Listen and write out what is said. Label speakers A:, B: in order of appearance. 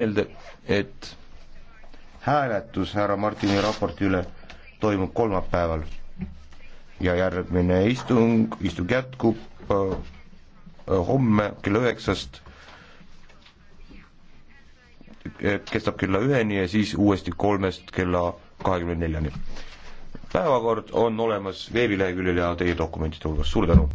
A: meelde, et hääletus härra Martini raporti üle toimub kolmapäeval ja järgmine istung, istung jätkub äh, äh homme kella üheksast, äh, kestab kella üheni ja siis uuesti kolmest kella kahekümne neljani. päevakord on olemas veebileheküljel ja teie dokumentide hulgas, suur tänu!